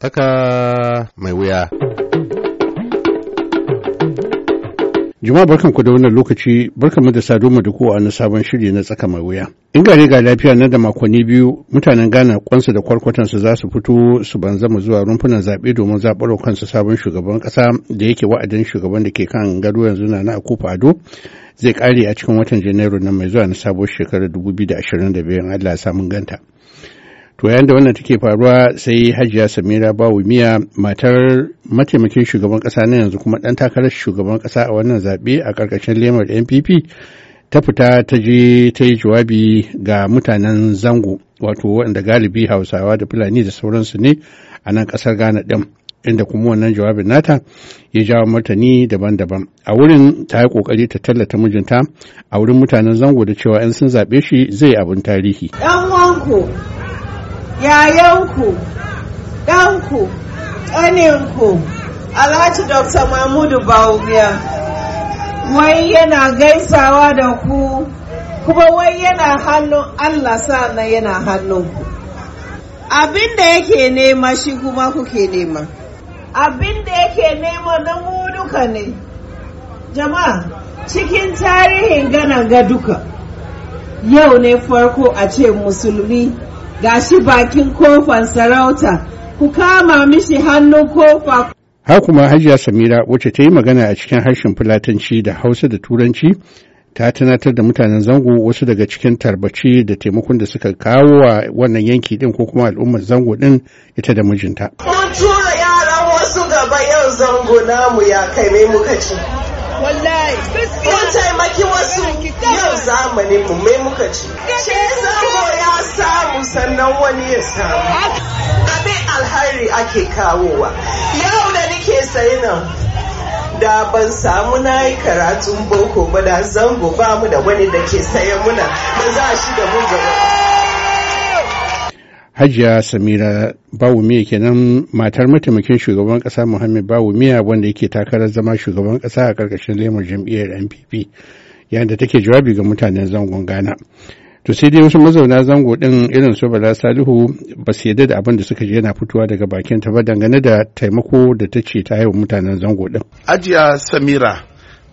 Tsaka mai wuya. Juma'a barkan ku da wannan lokaci barkan mu da sado mu da kowa na sabon shiri na tsaka mai wuya. In gare ga lafiya na da makonni biyu mutanen Ghana kwansa da kwarkwatansa za su fito su banza zuwa rumfunan zaɓe domin zaɓarwa kansu sabon shugaban ƙasa da yake wa'adin shugaban da ke kan gado yanzu na na Ado zai ƙare a cikin watan Janairu nan mai zuwa na sabuwar shekarar 2025 Allah ya samu ganta. To yayin da wannan take faruwa sai Hajiya Samira miya matar mataimakin shugaban kasa na yanzu kuma ɗan takarar shugaban kasa a wannan zaɓe a ƙarƙashin lemar NPP ta fita ta je ta yi jawabi ga mutanen zango wato waɗanda galibi Hausawa da Fulani da sauransu ne a nan ƙasar Ghana ɗin. inda kuma wannan jawabin nata ya jawo martani daban-daban a wurin ta yi kokari ta tallata mijinta a wurin mutanen zango da cewa in sun zaɓe shi zai abin tarihi. 'yan yayanku ɗanku ƙaninku alhaji dr mahmudu baubiya wai yana gaisawa da ku kuma wai yana hannun allah na yana hannunku abin da yake nema shi kuma kuke nema abin da yake nema na mu duka ne jama'a cikin tarihin gana ga duka yau ne farko a ce musulmi Ga shi bakin kofan sarauta ku kama mishi hannun kofa ha kuma hajiya samira wacce ta yi magana a cikin harshen fulatanci da hausa da turanci ta tunatar da mutanen zango wasu daga cikin tarbaci da taimakon da suka kawo wa wannan yanki din ko kuma al'ummar zango din ita da mijinta. Mun tura yaran wasu gaba yau zango namu ya kai mai muka ci. wallahi mun taimaki wasu yau zamanin mu mai muka ce shi ya samu sannan wani ya samu abin alhari ake kawowa yau da nike sayi nan da ban samu na yi karatun boko ba da zango ba mu da wani da ke sayan muna ba za shi da mun gaba Hajiya Samira miya kenan matar mataimakin shugaban kasa Muhammad miya wanda yake takarar zama shugaban kasa a karkashin lemar jam'iyyar NPP yayin da take jawabi ga mutanen zangon Ghana. To sai dai wasu mazauna zango din irin su Bala Salihu ba su yarda da abin da suka je yana fitowa daga bakin ta ba dangane da taimako da ta ce ta yi mutanen zango din. Ajiya Samira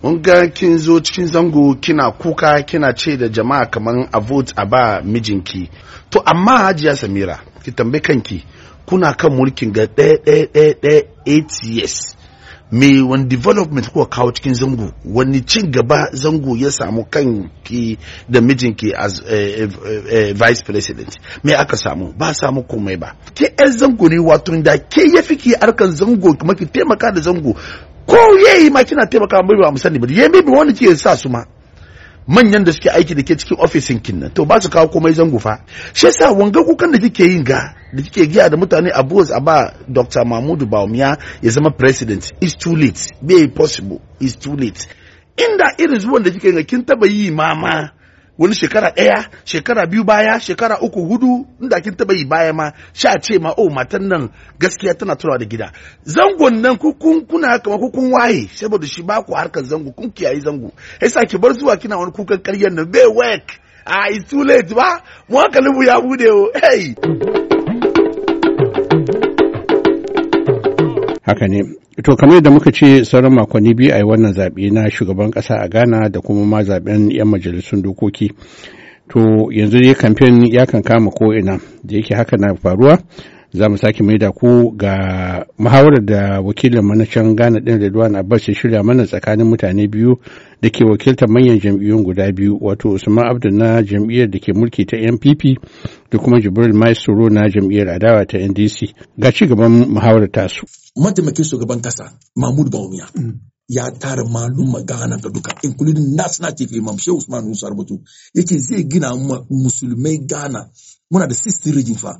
mun ga kin zo cikin zango kina kuka kina ce da jama'a kamar a vote a ba mijinki to amma hajiya samira ki tambayi kanki kuna kan mulkin ga ɗaya ɗaya ɗaya 8 years me wani development kuka kawo cikin zango wani cin gaba zango ya samu kan kanki da mijinki as a eh, eh, eh, vice president me aka samu ba samu komai ba ke yan zango ne wato da ke ya fi ki harkan zango kuma ki taimaka da zango ko yayi ma kina taimaka mai ba mu sani ba yayi bi wani ke sa su ma manyan da suke aiki da ke cikin ofisin kinnan to ba su kawo komai zango fa shi yasa wanga kukan da kike yin ga da kike giya da mutane a Bos a ba Dr. Mahmudu Bawumia ya zama president is too late be possible is too late inda irin zuwan da kike ga kin taba yi mama wani shekara ɗaya shekara biyu baya shekara uku hudu inda kin taba yi baya ma sha ce ma oh matan nan gaskiya tana turawa da gida zangon nan ku kun kuna kamar ku kun waye saboda shi ba ku harkar zango kun kiyaye zango yasa ki bar zuwa kina wani kukan karyar nan bai work a ah, it's too late ba mu lubu ya bude o hey haka ne To kamar da muka ce sauran makonni biyu a yi wannan zaɓe na shugaban ƙasa a Ghana da kuma ma zaɓen 'yan majalisun dokoki. To yanzu dai kamfen ya kan kama ko'ina da yake haka na faruwa za mu sake mai da ku ga muhawarar da wakilin manacan Ghana din Redwan Abbas ya shirya mana tsakanin mutane biyu da ke wakiltar manyan jam'iyyun guda biyu wato Usman Abdu na jam'iyyar da ke mulki ta NPP da kuma Jibril Maisoro na jam'iyyar adawa ta NDC ga ci gaban muhawarar tasu. Mataimakin shugaban kasa Mahmud Bawumia ya tara malum magana da duka including national chief imam mamshe Usman Musa Rubutu yake zai gina musulmai Gana. muna da 60 rigin fa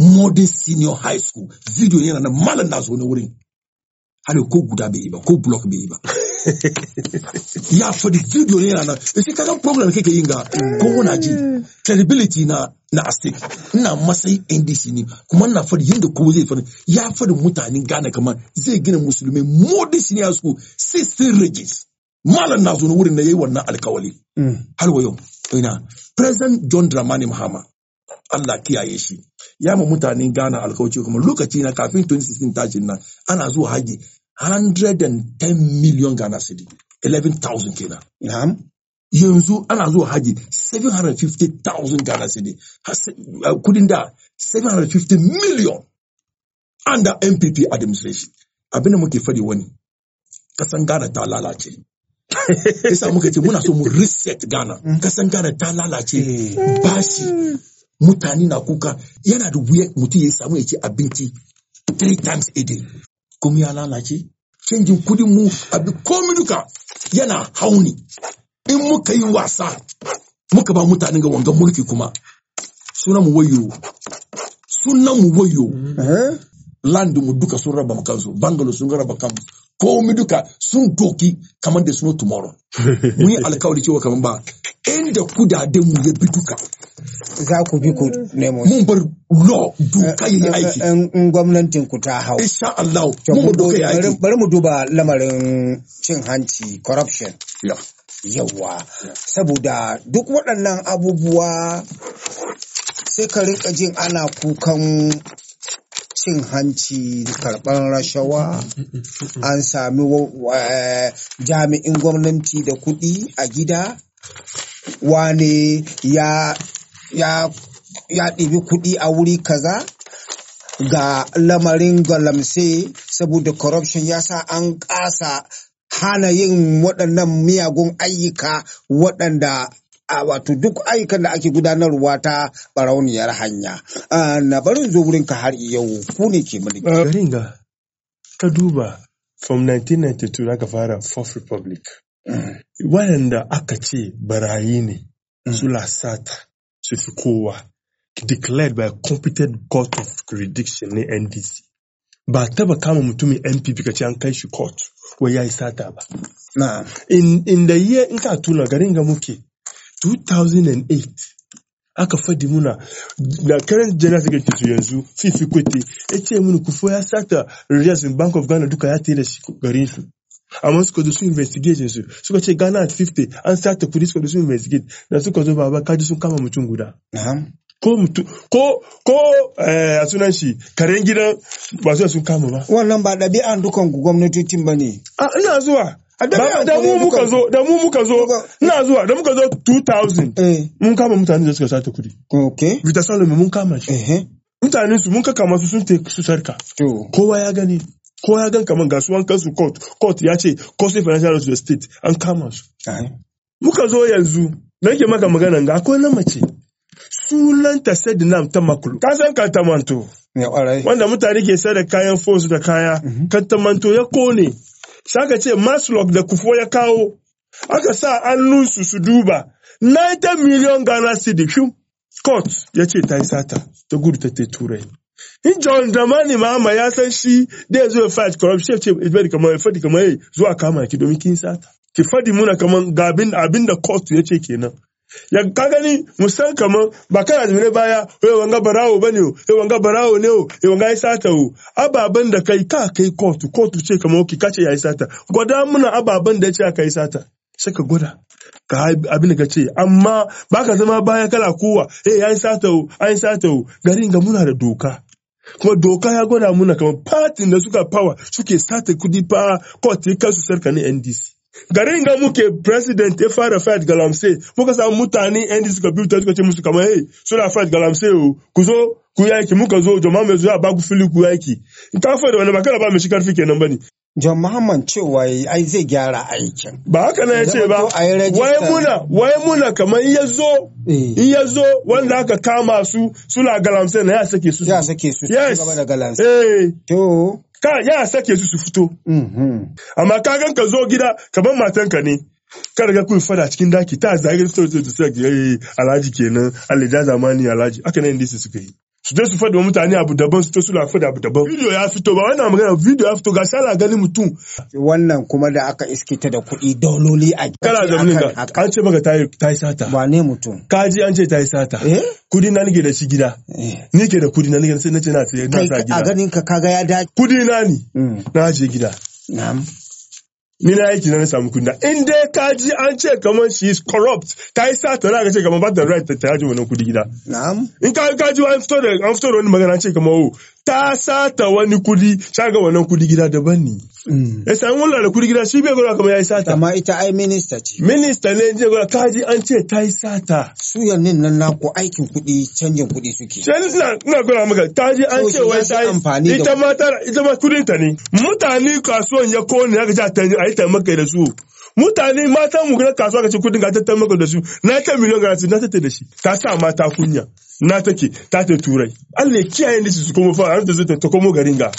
modern senior high school video yana na malam na zo wurin hali ko guda bai yi ba ko block bai yi ba ya faɗi video yana da shi kaga program kake yin ga ko muna ji credibility na na astic ina matsayi ndc ne kuma ina faɗi yadda kowa zai faɗi ya faɗi mutanen ghana kamar zai gina musulmi modern senior school 60 rigis malam na zo wurin na yayi wannan alkawali mm. har wa yau ina president john dramani mahama Allah kiyaye shi ya mu mutanen Ghana alkauci kuma lokaci na kafin 2016 tajin nan ana zuwa haji 110 million Ghana cedi 11,000 kenan na'am yanzu ana zuwa haji 750,000 Ghana cedi eh, kudin da 750 million under MPP administration abinda muke fadi wani kasan Ghana ta lalace Isa muka ce muna so mu reset Ghana. Mm. Kasan Ghana ta lalace eh. ba shi. mutane na kuka yana da wuya mutum ya samu ya ci abinci three times a day kuma ya lalace canjin kudin mu abi komi duka yana hauni in muka yi wasa muka ba mutane ga wangan mulki kuma sunan mu wayo sunan mu wayo eh? land mu duka sun raba kansu bangalo sun raba kansu komi duka sun doki kamar da suno tomorrow mun yi alkawari cewa kamar ba inda kudaden mu ya bi duka za ku bi ku nemo mun bar law doka yi eh, eh, aiki eh, in gwamnatin ku ta hau insha Allah mun bar doka yi aiki bari mu duba lamarin cin hanci corruption yawa saboda duk waɗannan abubuwa sai ka rinka jin ana kukan cin hanci karɓar rashawa an sami jami'in gwamnati da kuɗi a gida wane ya ya ɗibi kuɗi a wuri kaza ga lamarin galamse saboda corruption ya sa an ƙasa hana yin waɗannan miyagun ayyuka waɗanda a wato duk ayyukan da ake gudanarwa ta barauniyar hanya na barin zo ka har yau ku ne ke mulki. Eh, ga ka duba from 1992 aka fara Fourth Republic. Mm. Waɗanda aka ce barayi ne mm. su lasata su kowa declared by a competent court of jurisdiction ne ndc ba taba kama mutumin MP ka ce kai court wai ya sata ba na in the yi in ka tuna Muki, ga muke 2008 aka fadi muna the current general secretary to yanzu fifi kwete ya munu mini kufo ya sata reserves bank of ghana duka ya tere shi garin su amma eh, ah, suka zo su investigation su suka ce Ghana at 50 an sata kudi suka zo su investigate da suka zo baba kaji sun kama mutum guda ko mutu ko ko a sunan shi karen gidan ba su sun kama ba wannan ba an dukan gwamnatocin ba ne a ina zuwa da mu muka zo da mu muka zo ina zuwa da muka zo 2000 mun kama mutane da suka sata kudi okay vita salome mun kama shi mutanen su mun kama su sun te su sarka kowa ya gani ko ya gan kaman gasu an kansu court court ya ce causing financial loss to the state an kama su muka zo yanzu nake maka magana ga akwai na mace sunanta Sedinam ta makulu. Ka san kantamanto. Wanda mutane ke sai da kayan fos da kaya, mhm. kantamanto ya kone. Saka ce Maslock da kufo ya kawo. Aka sa annunsu su duba. 90 million Ghana cedi. Court ya ce ta yi sata ta gudu ta turai. in John Dramani Mahama ya san shi dai zo ya fight corruption ce ibadi kamar ya fadi kamar yayi eh, zuwa kama ki domin kin sata ki fadi muna kamar ga abin abin da court ya ce kenan ya ka gani musan kamar ba kana jimre baya eh wanga barawo bane o eh wanga barawo ne o eh wanga ya sata o ababan da kai ka kai court court ce kamar ki kace yayi sata gwada muna ababan da ya ce aka yi sata sai ka gwada ka abin da ka ce amma ba ka zama baya kala kowa eh yayi sata o an sata o garin ga muna da doka kuma doka ya gwada muna kamar fatin da suka fawa suke sata kudi fa court ya kasu sarkanin ndc garin ga muke president ya fara fight galamse muka samu mutane ndc suka biyu ta suka ce musu kamar hey suna fight galamse o ku zo ku yaki muka zo jama'a mai zuwa ba ku fili ku yaki ka fara wani ba kada ba mai shi karfi kenan bane John Muhammad cewa ai zai gyara aikin. Ba haka na ya ce ba, wai muna, wai muna kamar zo, eh. in zo wanda aka kama su suna galamsai na ya sake su. Ya sake su, yes. gaba da galamsai. Eh. To. Ka ya sake su su fito. Mm-hmm. Amma ka gan ka zo gida matan matanka ne. Ka riga kun fada cikin daki ta zagin story to alhaji kenan, alhaji zamani alhaji, na yin disi suka yi. su je su faɗi wa mutane abu daban su ta su faɗi abu daban video ya fito ba wannan magana video ya fito ga shala gani mutum wannan kuma da aka iske ta da kuɗi dololi a kana da mun an ce maka ta yi sata ba ne mutum Ka ji an ce tayi sata eh? kudi na nige da shi gida eh. ni ke da kudi na nige sai na ce na ce na sa gida a ganin ka kaga ya dace kudi na ni mm. na je gida na'am ni na aiki na samu kunda. in dai ka ji an ce kamar she is corrupt ta yi sata na ka ce kamar ba ta right ta yaji wannan kudi gida na'am in ka ka ji an fito da an fito da wani magana an ce kamar oh, ta sata wani kudi shaga wannan kudi gida daban ne. Mm. Ya sami wani da kudi gida shi bai gwada kamar ya yi sata. Amma ita ai minista ce. Minista ne zai gwada kaji ji an ce ta yi sata. Su yannin nan na ko aikin kudi canjin kudi suke. Canjin na ina gwada maka ta ji an ce wai ta yi ita ma ta ita ma kudin ta ne. Mutane kasuwan ya kone ya ga ta yi ta maka da su. mutane mata mu na kasuwa ka ce kudin ga tattalin maka da su na ta miliyan su na ta da shi ta sa mata kunya na take ta ta turai Allah ya kiyaye ni su komo fa har da ta komo garin ga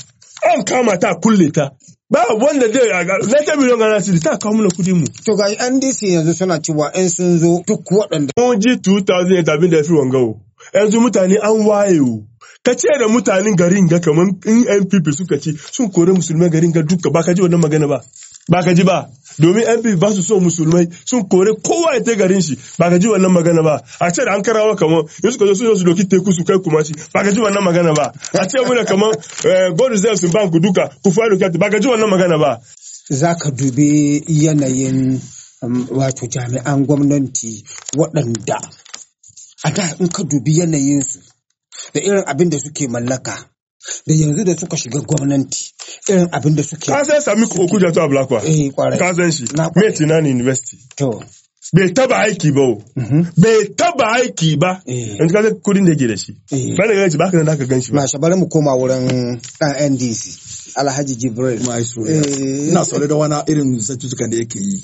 an kama ta kulle ta ba wanda zai na ta miliyan gara su ta kawo mana kudin mu to ga NDC yanzu suna cewa in sun zo duk waɗanda mun ji 2000 abin da ya fi wangawo yanzu mutane an waye ka ce da mutanen garin ga kamar in NPP suka ce sun kore musulman garin ga duka ba ka ji wannan magana ba ba ka ji ba domin MP ba su so musulmai sun kore kowa ya ta garin shi ba ka ji wannan magana ba a ce da an karawa kamar in suka zo su su doki teku su kai kuma shi ba ka ji wannan magana ba a ce muna kamar eh, God zai in bank duka ku faru kyatu ba ka ji wannan magana ba za ka dubi yanayin um, wato jami'an gwamnati waɗanda a da in ka dubi yanayinsu da irin abin da suke mallaka da yanzu da suka shiga gwamnati irin abin da suke ka san sami koku da tuwa black eh kwarai ka san shi me tunani university to bai taba aiki ba mhm. bai taba aiki ba eh. yanzu ka san kudin da yake da shi eh. ba da gaji ba ka da ka gan shi ba ma bari mu koma wurin dan NDC alhaji jibril eh. ina saurari da wana irin sattutukan da yake yi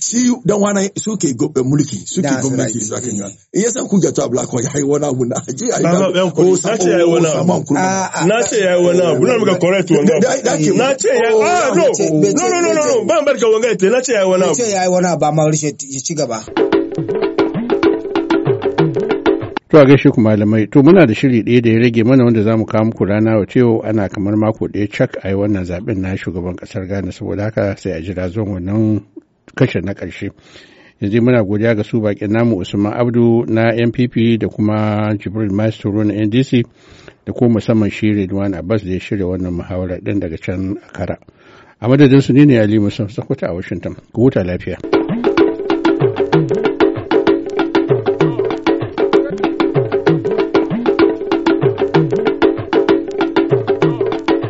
shi dan wana suke eh, mulki suke gwamnati su aka yi in yasa ku gato a black one hai wani abu na aje ai da ko N'a ce yayi wani abu ah, ah. na ce yi wani abu na muka correct wanga na ce ya oh, ah no no no no ban barka wanga ite na ce yayi wani abu na ce yayi wani abu amma rishe ci gaba To a gaishe ku malamai, to muna da shiri ɗaya da ya rage mana wanda za mu kawo muku rana wa cewa ana kamar mako ɗaya cak a yi wannan zaɓen na shugaban kasar Ghana saboda haka sai a jira zuwan wannan kashe na ƙarshe. Yanzu muna godiya ga su baƙin namu Usman Abdu na NPP da kuma Jibril Maestro na NDC da kuma musamman shi Redwan Abbas da ya shirya wannan muhawara ɗin daga can a kara. A madadin su ne ne Ali Musa Sokoto a Washington. Ku huta lafiya.